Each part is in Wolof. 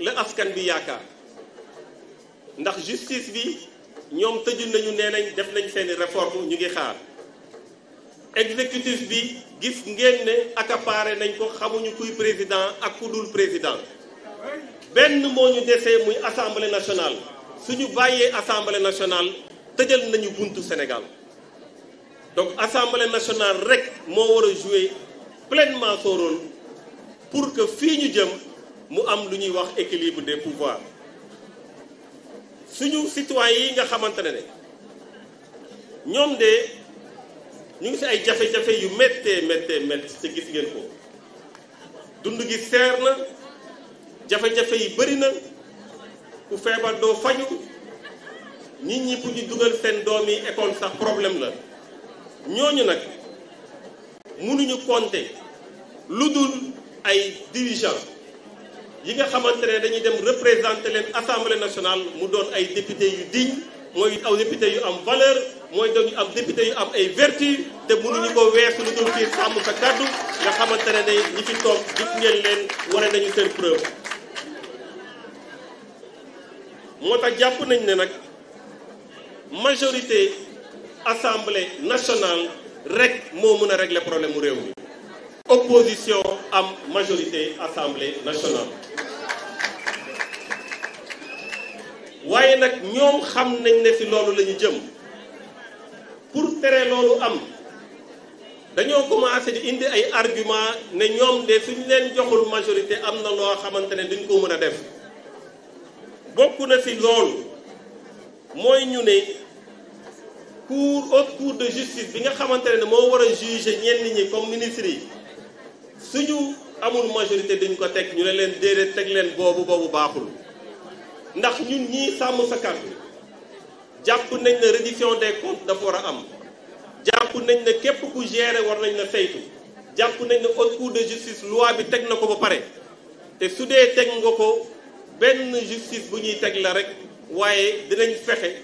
la askan bi yaakaar ndax justice bi ñoom tëjul nañu nee nañ def nañ seeni réforme ñu ngi xaar exécutif bi gis ngeen ne accaparé nañ ko xamuñu kuy président ak ku dul président benn moo ñu desee muy assemblée nationale suñu bàyyee assemblée nationale tëjal nañu buntu Sénégal donc assemblée nationale rek moo war a jouer pleinement son rôle pour que fii ñu jëm mu am lu ñuy wax équilibre de pouvoirs suñu citoyens yi nga xamante ne ne ñoom de ñu ngi si ay jafe-jafe yu méttee méttee métti te gis ngeen ko dund gi seer na jafe-jafe yi bëri na ku feebar doo faju nit ñi ku di dugal seen doom yi école sax problème la ñooñu nag mënuñu compter lu dul ay dirigeants yi nga xamante ne dañuy dem représenter leen assemblée nationale mu doon ay député yu digne mooy aw député yu am valeur mooy doon am député yu am ay vertu te mënuñu ko weesu lu dul ci sàmm sa kàddu nga xamante ne day ñi fi toog gis ngeen leen wane nañu seen preuve moo tax jàpp nañ ne nag majorité assemblée nationale rek moo mën a regle problème mu réew mi opposition am majorité assemblée nationale waaye nag ñoom xam nañ ne fi loolu lañu jëm pour tere loolu am dañoo commencé di indi ay argument ne ñoom de suñ leen joxul majorité am na loo xamante ne duñ ko mën a def bokk na ci loolu mooy ñu ne cour haute cour de justice bi nga xamante ne moo war a juger ñenn ñi comme ministre yi lu suñu amul majorité dañ ko teg ñu ne leen déedéet teg leen boobu boobu baaxul ndax ñun ñii sàmm sa kàddu jàpp nañ ne reddition des comptes dafa war a am jàpp nañ ne képp ku gérer war nañ la saytu jàpp nañ ne haute cour de justice loi bi teg na ko ba pare te su dee teg nga ko benn justice bu ñuy teg la rek waaye dinañ fexe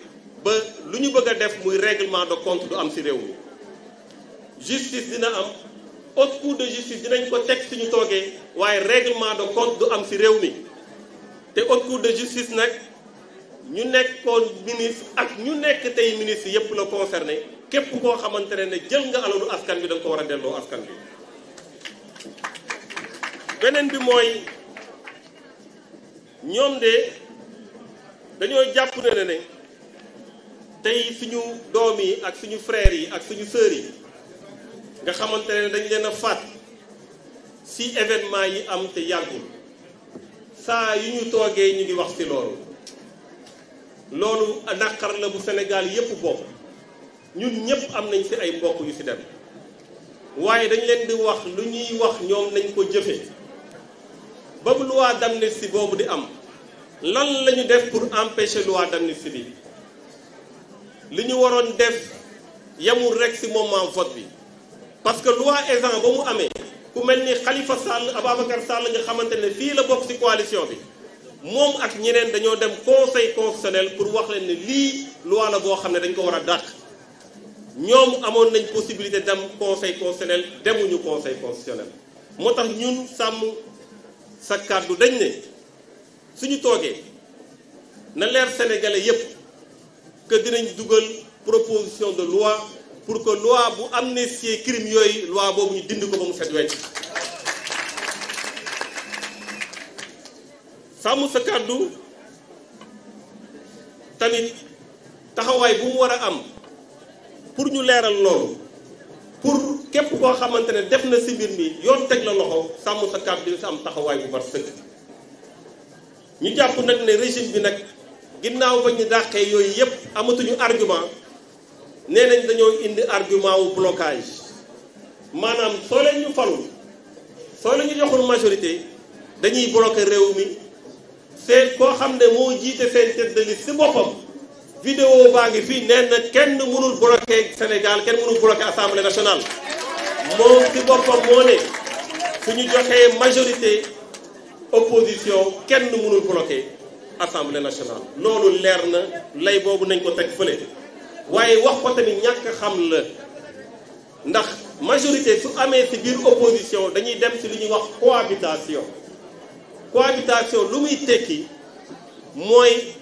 ba lu ñu bëgg def muy règlement de compte du am ci réew mi justice dina am haute cour de justice dinañ ko teg suñu toogee waaye réglement de compte du am ci réew mi te haute cour de justice nag ñu nekkoon ministre ak ñu nekk tey ministre yépp la concerné képp koo xamante ne jël nga alalu askan bi dañ ko war a delloo askan bi beneen bi mooy ñoom de dañoo jàpp ne ne tey suñu doom yi ak suñu frères yi ak suñu sœurs yi nga xamante ne dañ leen a faat si événement yi am te yàggul saa yu ñu toogee ñu ngi wax ci loolu loolu naqar la bu Sénégal yépp bokk ñun ñépp am nañ ci ay mbokk yu ci dem waaye dañ leen di wax lu ñuy wax ñoom nañ ko jëfe ba bu loi d'amnistie boobu di am lan la ñu def pour empêcher loi d'amnistie bi li ñu waroon def yamul rek ci moment vote bi parce que loi Ezzan ba mu amee ku mel ni Khalifa Sall Ababacar Sall nga xamante ne fii la bokk ci coalition bi moom ak ñeneen dañoo dem conseil constitutionnel pour wax leen ne lii loi la boo xam ne dañ ko war a dàq ñoom amoon nañ possibilité dem conseil constitutionnel demuñu conseil constitutionnel moo tax ñun sàmm sa kàddu dañ ne suñu toogee na leer sénégalais yëpp que dinañ dugal proposition de loi pour que loi bu am amnistie crime yooyu loi boobu ñu dind ko ba mu set wecc sàmm sa kàddu tamit taxawaay bu mu war a am pour ñu leeral loolu pour képp koo xamante ne def na si mbir mi yoon teg la loxo sàmm sa kàddu bi sa am taxawaay bu war ñu jàpp nag ne régime bi nag ginnaaw ba ñu dàqee yooyu yépp amatuñu argument nee nañ dañoo indi argument wu blocage maanaam soo leen ñu falul soo leen ñu joxul majorité dañuy bloquer réew mi seet koo xam ne moo jiite seen tête de liste si boppam vidéo baa ngi fii nee na kenn mënul bloquer Sénégal kenn mënul bloquer assemblée nationale moom si boppam moo ne su ñu joxee majorité opposition kenn mënul bloquer assemblée nationale loolu leer na lay boobu nañ ko teg fële waaye wax ko tamit ñàkk xam la ndax majorité su amee ci biir opposition dañuy dem ci li ñuy wax cohabitation cohabitation lu muy tekki mooy